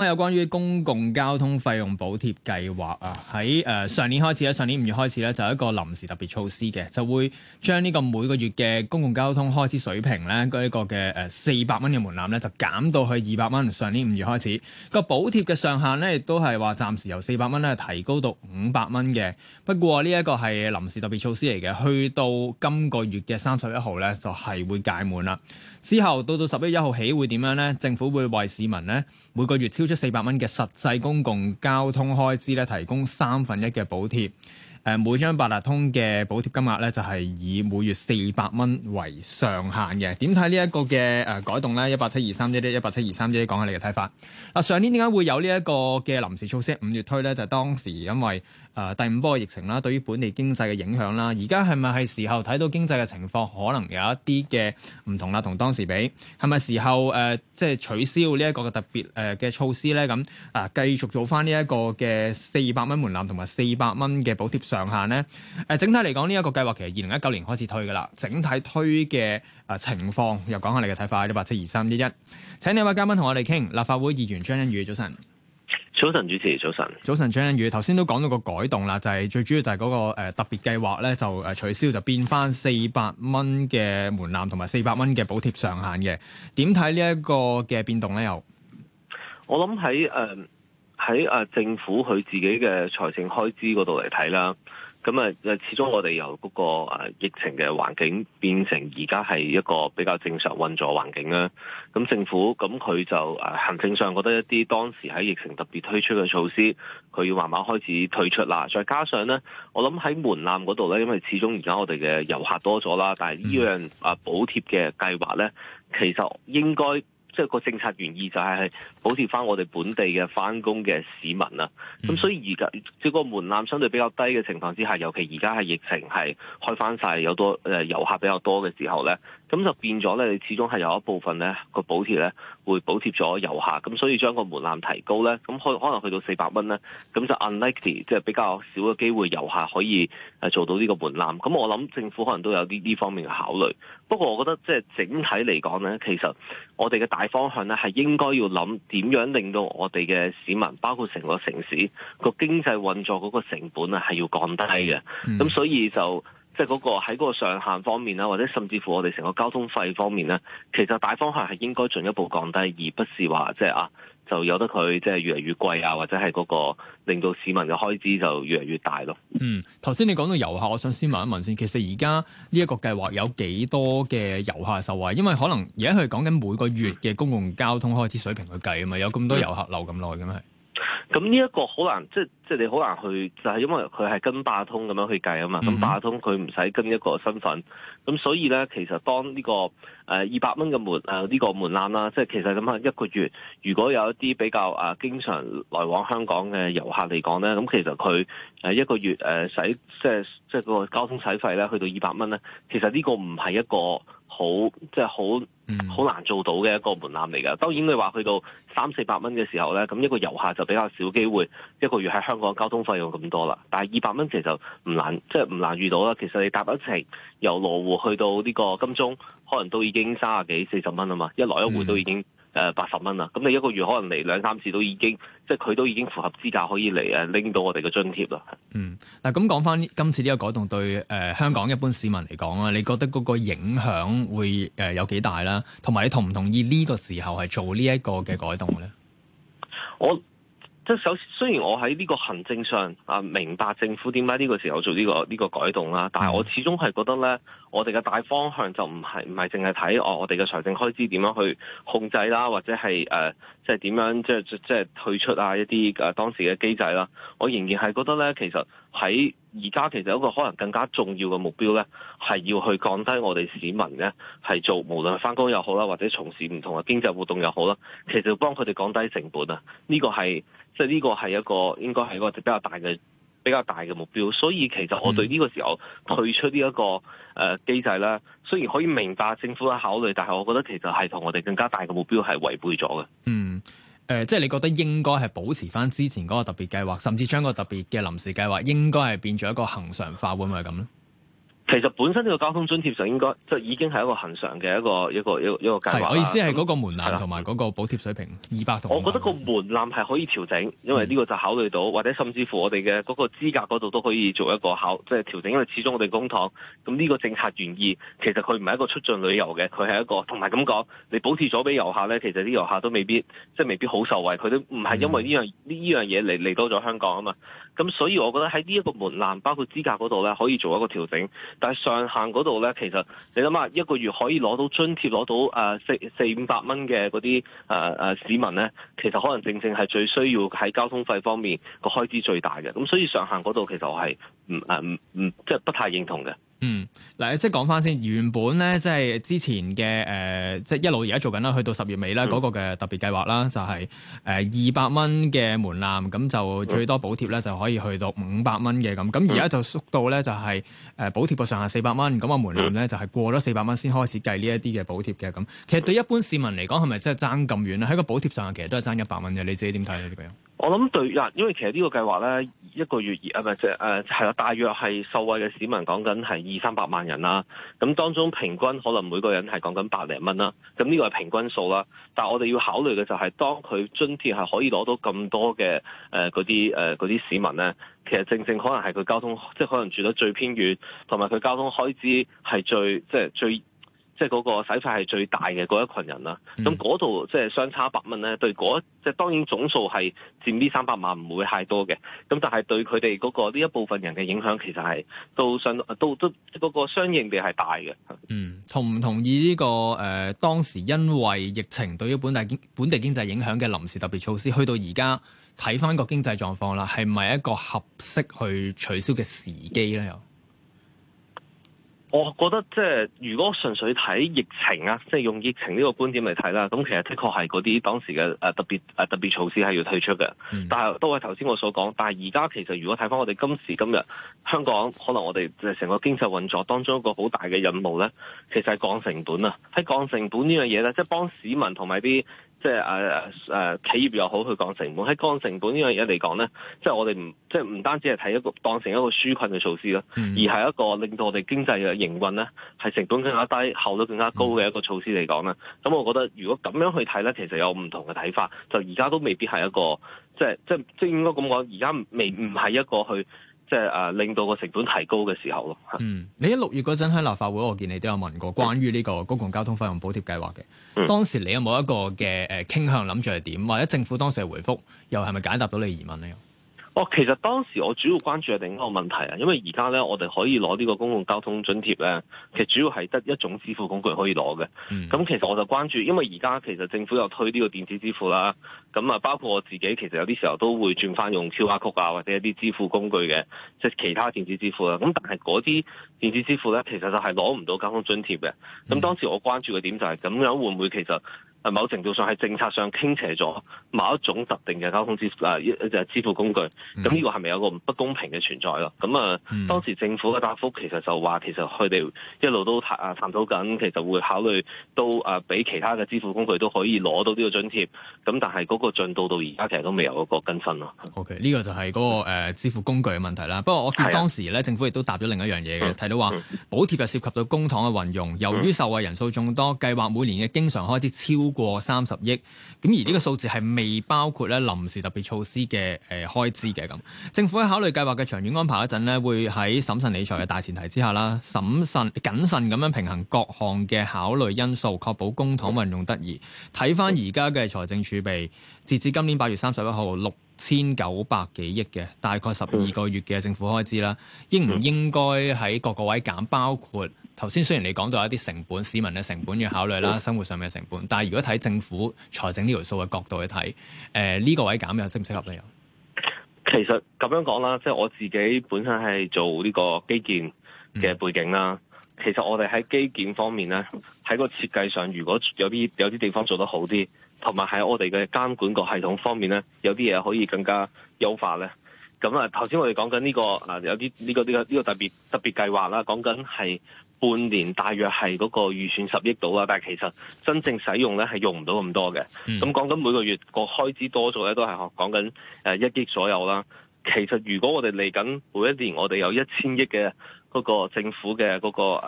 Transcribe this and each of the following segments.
咁有關於公共交通費用補貼計劃啊，喺誒、呃、上年開始咧，上年五月開始咧就有一個臨時特別措施嘅，就會將呢個每個月嘅公共交通開支水平咧，嗰、這、一個嘅誒四百蚊嘅門檻咧就減到去二百蚊。上年五月開始個補貼嘅上限咧，亦都係話暫時由四百蚊咧提高到五百蚊嘅。不過呢一個係臨時特別措施嚟嘅，去到今個月嘅三十一號咧就係、是、會屆滿啦。之後到到十一月一號起會點樣咧？政府會為市民咧每個月超。出四百蚊嘅實際公共交通開支咧，提供三分一嘅補貼。誒每張八達通嘅補貼金額咧，就係、是、以每月四百蚊為上限嘅。點睇呢一個嘅誒改動咧？一八七二三一一一八七二三一一，講下你嘅睇法。嗱，上年點解會有呢一個嘅臨時措施？五月推咧，就是、當時因為誒、呃、第五波疫情啦，對於本地經濟嘅影響啦。而家係咪係時候睇到經濟嘅情況，可能有一啲嘅唔同啦，同當時比係咪時候誒，即、呃、係、就是、取消呢一個特別誒嘅措施咧？咁啊、呃，繼續做翻呢一個嘅四百蚊門檻同埋四百蚊嘅補貼上上限咧，誒，整體嚟講呢一個計劃其實二零一九年開始推噶啦，整體推嘅誒情況又講下你嘅睇法。一八七二三一一，請呢位嘉賓同我哋傾。立法會議員張欣宇，早晨，早晨，主持，早晨，早晨，張欣宇，頭先都講到個改動啦，就係最主要就係嗰個誒特別計劃咧就誒取消，就變翻四百蚊嘅門檻同埋四百蚊嘅補貼上限嘅。點睇呢一個嘅變動咧？又，我諗喺誒。喺啊政府佢自己嘅財政開支嗰度嚟睇啦，咁啊，始終我哋由嗰個啊疫情嘅環境變成而家係一個比較正常運作環境啦。咁政府咁佢就啊行政上覺得一啲當時喺疫情特別推出嘅措施，佢要慢慢開始退出啦。再加上咧，我諗喺門檻嗰度咧，因為始終而家我哋嘅遊客多咗啦，但係呢樣啊補貼嘅計劃咧，其實應該。即係個政策原意就係係保持翻我哋本地嘅翻工嘅市民啦、啊，咁所以而家，即係個門檻相對比較低嘅情況之下，尤其而家係疫情係開翻晒，有多誒遊客比較多嘅時候咧。咁就變咗咧，你始終係有一部分咧個補貼咧，會補貼咗遊客。咁所以將個門檻提高咧，咁可可能去到四百蚊咧，咁就 unlikely 即係比較少嘅機會遊客可以誒做到呢個門檻。咁我諗政府可能都有呢呢方面嘅考慮。不過我覺得即係整體嚟講咧，其實我哋嘅大方向咧係應該要諗點樣令到我哋嘅市民，包括成個城市個經濟運作嗰個成本啊，係要降低嘅。咁、嗯、所以就。即係嗰、那個喺嗰個上限方面啦，或者甚至乎我哋成個交通費方面咧，其實大方向係應該進一步降低，而不是話即係啊，就由得佢即係越嚟越貴啊，或者係嗰、那個令到市民嘅開支就越嚟越大咯。嗯，頭先你講到遊客，我想先問一問先，其實而家呢一個計劃有幾多嘅遊客受惠？因為可能而家佢講緊每個月嘅公共交通開支水平去計啊嘛，有咁多遊客留咁耐咁樣。嗯。咁呢一個好難，即即你好難去，就係、是、因為佢係跟八達通咁樣去計啊嘛。咁、嗯、哼八達通佢唔使跟一個身份，咁所以咧，其實當呢、這個誒二百蚊嘅門誒呢、呃這個門檻啦，即其實咁啊一個月，如果有一啲比較啊、呃、經常來往香港嘅遊客嚟講咧，咁其實佢誒、呃、一個月誒使、呃、即即，即個交通使費咧，去到二百蚊咧，其實呢個唔係一個。好即係好好難做到嘅一個門檻嚟㗎。當然你話去到三四百蚊嘅時候咧，咁一個遊客就比較少機會一個月喺香港交通費用咁多啦。但係二百蚊其實唔難，即係唔難遇到啦。其實你搭一程由羅湖去到呢個金鐘，可能都已經三十幾四十蚊啊嘛，一來一回都已經。嗯誒八十蚊啦，咁你一個月可能嚟兩三次都已經，即係佢都已經符合資格可以嚟誒拎到我哋嘅津貼啦。嗯，嗱咁講翻講返今次呢個改動對誒、呃、香港一般市民嚟講啊，你覺得嗰個影響會誒、呃、有幾大啦？同埋你同唔同意呢個時候係做呢一個嘅改動咧？我。即首先，雖然我喺呢個行政上啊明白政府點解呢個時候做呢個呢個改動啦，但係我始終係覺得咧，我哋嘅大方向就唔係唔係淨係睇我我哋嘅財政開支點樣去控制啦，或者係誒、呃、即係點樣即係即係退出啊一啲誒當時嘅機制啦，我仍然係覺得咧，其實喺。而家其實有一個可能更加重要嘅目標咧，係要去降低我哋市民咧係做無論返工又好啦，或者從事唔同嘅經濟活動又好啦，其實要幫佢哋降低成本啊！呢、呢個係即係呢個係一個應該係一個比較大嘅比較大嘅目標。所以其實我對呢個時候退出呢、呢、一個誒、呃、機制咧，雖然可以明白政府嘅考慮，但係我覺得其實係同我哋更加大嘅目標係違背咗嘅。嗯。誒、呃，即係你覺得應該係保持翻之前嗰個特別計劃，甚至將個特別嘅臨時計劃應該係變咗一個恒常化，會唔會係咁咧？其實本身呢個交通津貼就應該即係已經係一個恒常嘅一個一個一個一個計劃。我意思係嗰個門檻同埋嗰個補貼水平二百。<的 >200 200我覺得個門檻係可以調整，因為呢個就考慮到或者甚至乎我哋嘅嗰個資格嗰度都可以做一個考即係調整，因為始終我哋公帑咁呢個政策原意其實佢唔係一個促進旅遊嘅，佢係一個同埋咁講，你補貼咗俾遊客咧，其實啲遊客，客都未必即係未必好受惠，佢都唔係因為呢樣呢呢樣嘢嚟嚟到咗香港啊嘛。咁、嗯、所以，我覺得喺呢一個門檻，包括資格嗰度咧，可以做一個調整。但係上限嗰度咧，其實你諗下，一個月可以攞到津貼攞到誒四四五百蚊嘅嗰啲誒誒市民咧，其實可能正正係最需要喺交通費方面個開支最大嘅。咁、嗯、所以上限嗰度其實我係唔誒唔唔，即、呃、係唔，唔、即係、不太認同嘅。嗯，嗱，即係講翻先，原本咧，即係之前嘅，誒、呃，即係一路而家做緊啦，去到十月尾啦，嗰、嗯、個嘅特別計劃啦，就係誒二百蚊嘅門檻，咁就最多補貼咧，就可以去到五百蚊嘅。咁，咁而家就縮到咧，就係誒補貼個上限四百蚊，咁個門檻咧就係、是、過咗四百蚊先開始計呢一啲嘅補貼嘅。咁，其實對一般市民嚟講，係咪真係爭咁遠？喺個補貼上，其實都係爭一百蚊嘅，你自己點睇咧呢個？嗯我諗對，嗱，因為其實呢個計劃咧，一個月二啊，唔係即係誒，係啦，大約係受惠嘅市民講緊係二三百萬人啦。咁當中平均可能每個人係講緊百零蚊啦。咁呢個係平均數啦。但係我哋要考慮嘅就係，當佢津貼係可以攞到咁多嘅誒，嗰啲誒，嗰啲、呃、市民咧，其實正正可能係佢交通，即係可能住得最偏遠，同埋佢交通開支係最即係最。即係嗰個使費係最大嘅嗰一群人啦，咁嗰度即係相差百蚊咧，對嗰即係當然總數係佔呢三百萬唔會太多嘅，咁但係對佢哋嗰個呢一部分人嘅影響其實係都相都都嗰、嗰個相應地係大嘅。嗯，同唔同意呢、呢個誒、呃、當時因為疫情對於本地經本地經濟影響嘅臨時特別措施，去到而家睇返個經濟狀況啦，係咪一個合適去取消嘅時機咧？又、嗯？我覺得即係如果純粹睇疫情啊，即係用疫情呢個觀點嚟睇啦，咁其實的確係嗰啲當時嘅誒、呃、特別誒、呃、特別措施係要退出嘅、嗯。但係都係頭先我所講，但係而家其實如果睇翻我哋今時今日香港，可能我哋就係成個經濟運作當中一個好大嘅任務咧，其實係降成本啊，喺降成本呢樣嘢咧，即係幫市民同埋啲。即係誒誒企業又好去降成本，喺降成本講呢樣嘢嚟講咧，即係我哋唔即係唔單止係睇一個當成一個紓困嘅措施咯，而係一個令到我哋經濟嘅營運咧係成本更加低、效率更加高嘅一個措施嚟講咧。咁我覺得如果咁樣去睇咧，其實有唔同嘅睇法，就而家都未必係一個即係即係即係應該咁講，而家未唔係一個去。即係誒令到個成本提高嘅時候咯。嗯，你喺六月嗰陣喺立法會，我見你都有問過關於呢個公共交通費用補貼計劃嘅。當時你有冇一個嘅誒傾向諗住係點？或者政府當時嘅回覆又係咪解答到你疑問呢？哦，其實當時我主要關注係另一個問題啊，因為而家咧我哋可以攞呢個公共交通津貼咧，其實主要係得一種支付工具可以攞嘅。咁、嗯嗯、其實我就關注，因為而家其實政府又推呢個電子支付啦，咁、嗯、啊包括我自己其實有啲時候都會轉翻用超卡曲啊或者一啲支付工具嘅，即係其他電子支付啊。咁、嗯、但係嗰啲電子支付咧，其實就係攞唔到交通津貼嘅。咁、嗯嗯嗯、當時我關注嘅點就係、是、咁樣會唔會其實，某程度上係政策上傾斜咗某一種特定嘅交通支誒就係支付工具，咁呢個係咪有個不公平嘅存在咯？咁啊，嗯、當時政府嘅答覆其實就話，其實佢哋一路都探討緊，其實會考慮都啊俾其他嘅支付工具都可以攞到呢個津貼。咁但係嗰個進度到而家其實都未有一個更新咯。OK，呢個就係嗰、嗰個、呃、支付工具嘅問題啦。不過我見當時咧的政府亦都答咗另一樣嘢嘅，嗯、提到話補貼又涉及到公帑嘅運用，由於受惠人數眾多，計劃每年嘅經常開支超過三十億，咁而呢個數字係未包括咧臨時特別措施嘅誒、呃、開支嘅咁。政府喺考慮計劃嘅長遠安排嗰陣咧，會喺審慎理財嘅大前提之下啦，審慎謹慎咁樣平衡各項嘅考慮因素，確保公帑運用得宜。睇返而家嘅財政儲備，截至今年八月三十一號六。千九百幾億嘅，大概十二個月嘅政府開支啦，應唔應該喺各個位減？包括頭先雖然你講到一啲成本、市民嘅成本要考慮啦，生活上面嘅成本，但係如果睇政府財政呢條數嘅角度去睇，誒，呢個位減又適唔適合咧？又其實咁樣講啦，即係我自己本身係做呢個基建嘅背景啦。嗯、其實我哋喺基建方面咧，喺個設計上，如果有啲有啲地方做得好啲，同埋喺我哋嘅監管個系統方面咧，有啲嘢可以更加優化咧。咁啊，頭先我哋講緊呢個啊、呃，有啲呢、呢個呢個呢個特別特別計劃啦，講緊係半年大約係嗰個預算十億度啊，但係其實真正使用咧係用唔到咁多嘅。咁講緊每個月個開支多數咧，都係講緊誒一億左右啦。其實如果我哋嚟緊每一年，我哋有一千億嘅嗰個政府嘅嗰、嗰個誒、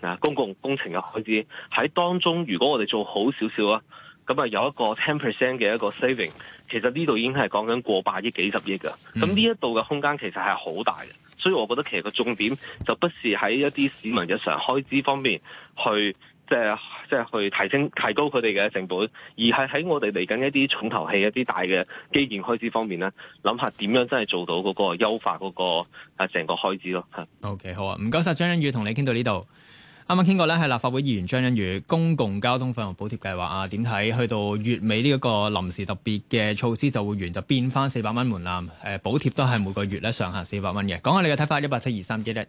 啊、公共工程嘅開支，喺當中如果我哋做好少少啊～咁啊，有一個 ten percent 嘅一個 saving，其實呢度已經係講緊過百億幾十億㗎。咁呢一度嘅空間其實係好大嘅，所以我覺得其實個重點就不是喺一啲市民日常開支方面去，即係即係去提升提高佢哋嘅成本，而係喺我哋嚟緊一啲重頭戲一啲大嘅基建開支方面咧，諗下點樣真係做到嗰個優化嗰個啊成個開支咯。嚇。OK，好啊，唔該晒張欣宇，同你傾到呢度。啱啱傾過咧，係立法會議員張欣宇，公共交通費用補貼計劃啊，點睇？去到月尾呢一個臨時特別嘅措施就會完，就變翻四百蚊門檻。誒、呃，補貼都係每個月咧，上限四百蚊嘅。講下你嘅睇法，一八七二三幾咧？